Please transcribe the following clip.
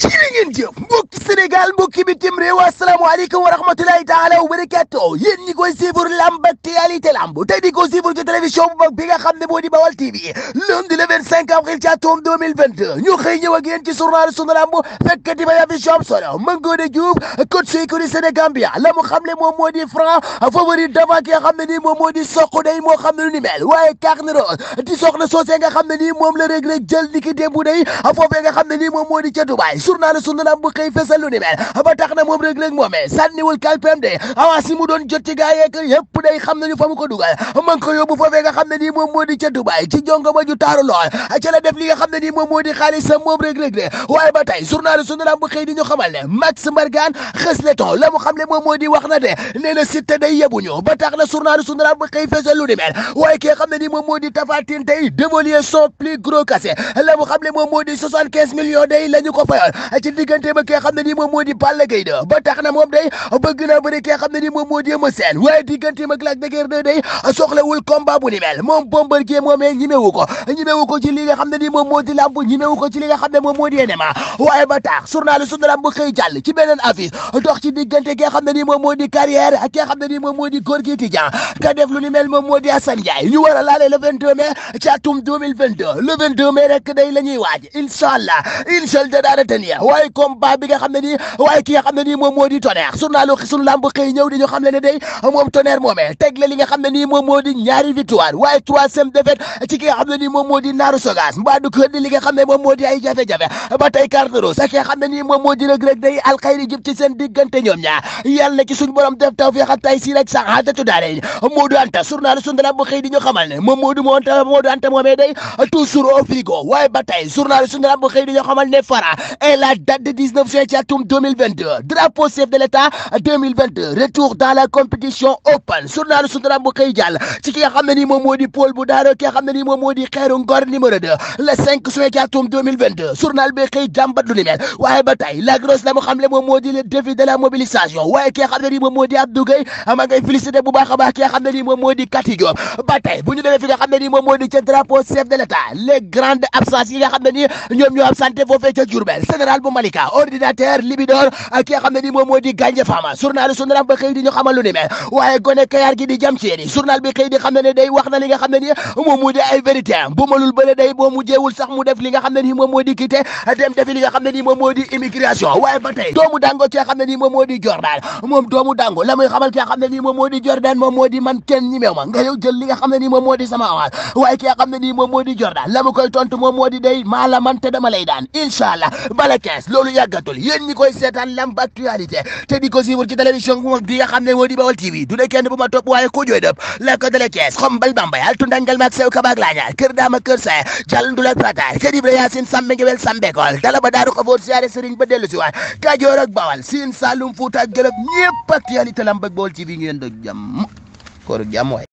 jërë ngeen jëf mbokki Sénégal mbokki bitim réew asalaamaaleykum wa rahmatulahi taala wa barakato yéen ñi koy suivre lamb ak réalité lamb te di ko suivre ci télévision bu mag bi nga xam ne moo di Bawal TV lundi le 25 avril ci atum 2022 ñu xëy ñëw ak yéen ci journal sunu lamb fekk di may affiche solo Mangoone Diouf coach sécurité Sénégambia la mu xam ne moom moo di franc favori devant ki nga xam ne nii moom moo di soq day moo xam ne lu ni mel waaye carne rose di nga xam ne moom la réglé jël ni ki démbu day nga xam ne nii moo di ca journaliste na bu xëy fesal lu ni mel ba tax na moom rëg-rëg moomee sànniwul kalpem de avance yi mu doon jot ci gaa yeek yëpp day xam nañu fa mu ko dugal ma ngi ko yóbbu foofee nga xam ne nii moom moo di ca Dubaay ci jongo ba ju taaru lool def li nga xam ne moom moo di xaalis sa moom rëg-rëg de waaye ba tey journaliste bu xëy di la xam ne moom moo di wax na de nee na Siteu na journaliste na bu ni mel waaye ki nga xam ne moom moo di Tapha Tine tey dévoluer son plus gros cassé la xam ne moom ci diggante ba kee xam ne nii moom moo di Balla Gaye de ba tax na moom a bëgg naa bëri kee xam ne nii moom moo di Eumeu Sène waaye diggante mag Lac de Guiers 2 day soxlawul combat bu ni mel moom Bombardier moomee ñimewu ko ñimewu ko ci li nga xam ne nii moom moo di lamb ñimewu ko ci li nga xam ne di MMA waaye ba tax ci beneen affiche xam ne di carrière ak kee xam ne nii moom moo di góor gi Tidiane ka a laale ci atum 2022 le 22 mai rek day la ñuy jeunes yi waaye combat bi nga xam ne nii waaye ki xam ne nii moo di tonnerre journalu xam le ne day li nga xam ne nii moom moo di ñaari victoire waaye troisième défaite xam ne nii moom moo di naaru sogaas mbaa du di xam ne moom moo di ay moom moo di rëg-rëg day alxayri jub ci seen diggante na ci suñ xam tay ñu xamal ne moom Modou Anta Modou Anta moomee ba tey journalu sunu lamb xëy et la date de 19 juin ci atum 2022 drapeau chef de l'état 2022 retour dans la compétition open journalu sundaram bu xëy jàll ci ki nga ne nii moom moo di Paul bu daara ki nga ne nii moom moo di xeeru ngor numéro 2 le 5 juin ci atum 2022 journal bi xëy jàmbat lu ni mel waaye la grosse la mu xam le moom moo di le défi de la mobilisation waaye ki nga ne nii moom moo di Abdou Gueye ama ngay félicité bu baax a baax ne nii moom moo di bu nii moom moo di ne nii ñoom général bu Malika ordinateur libidor ak ki ni moom moo di gànje faama journal journal ba xëy di ni mel xam ne ne day na li nga xam ne ni moom moo di ay bu malul bële day boo mu jeewul sax mu def li nga xam ni moom moo di quitté dem defi li nga xam ni moom moo di immigration waaye ba tey doomu dango ci nga ni moom moo di Jordan nga xam ne moom moo di Jordan moo di man kenn ñi meew ma nga yow jël li nga ni moom moo di sama awaas waaye ki nga xam ne ni moom moo di Jordan la koy tontu moom moo di day maa man te dama bala 15 loolu yàggatul yéen ñi koy seetaan lamb actualité te di ko suivre ci télévision bu mag bi ne moo di Baol TV du kenn bu ma topp waaye ko jooy dëpp la ko dale Thiès xombal bambay altu ndangal maak sew kabaak laañaar kër daama kër sae jàll ndulak fataar kër ibra yaasin sambe ngewel sambekool dala ba daaru xafoor siyaare sëriñ ba dellu si waat kajoor ak bawal siin saalum fuuta ak jëlëb ñëpp actualité ak Baol TV ngeen do jàmm kooru jàmm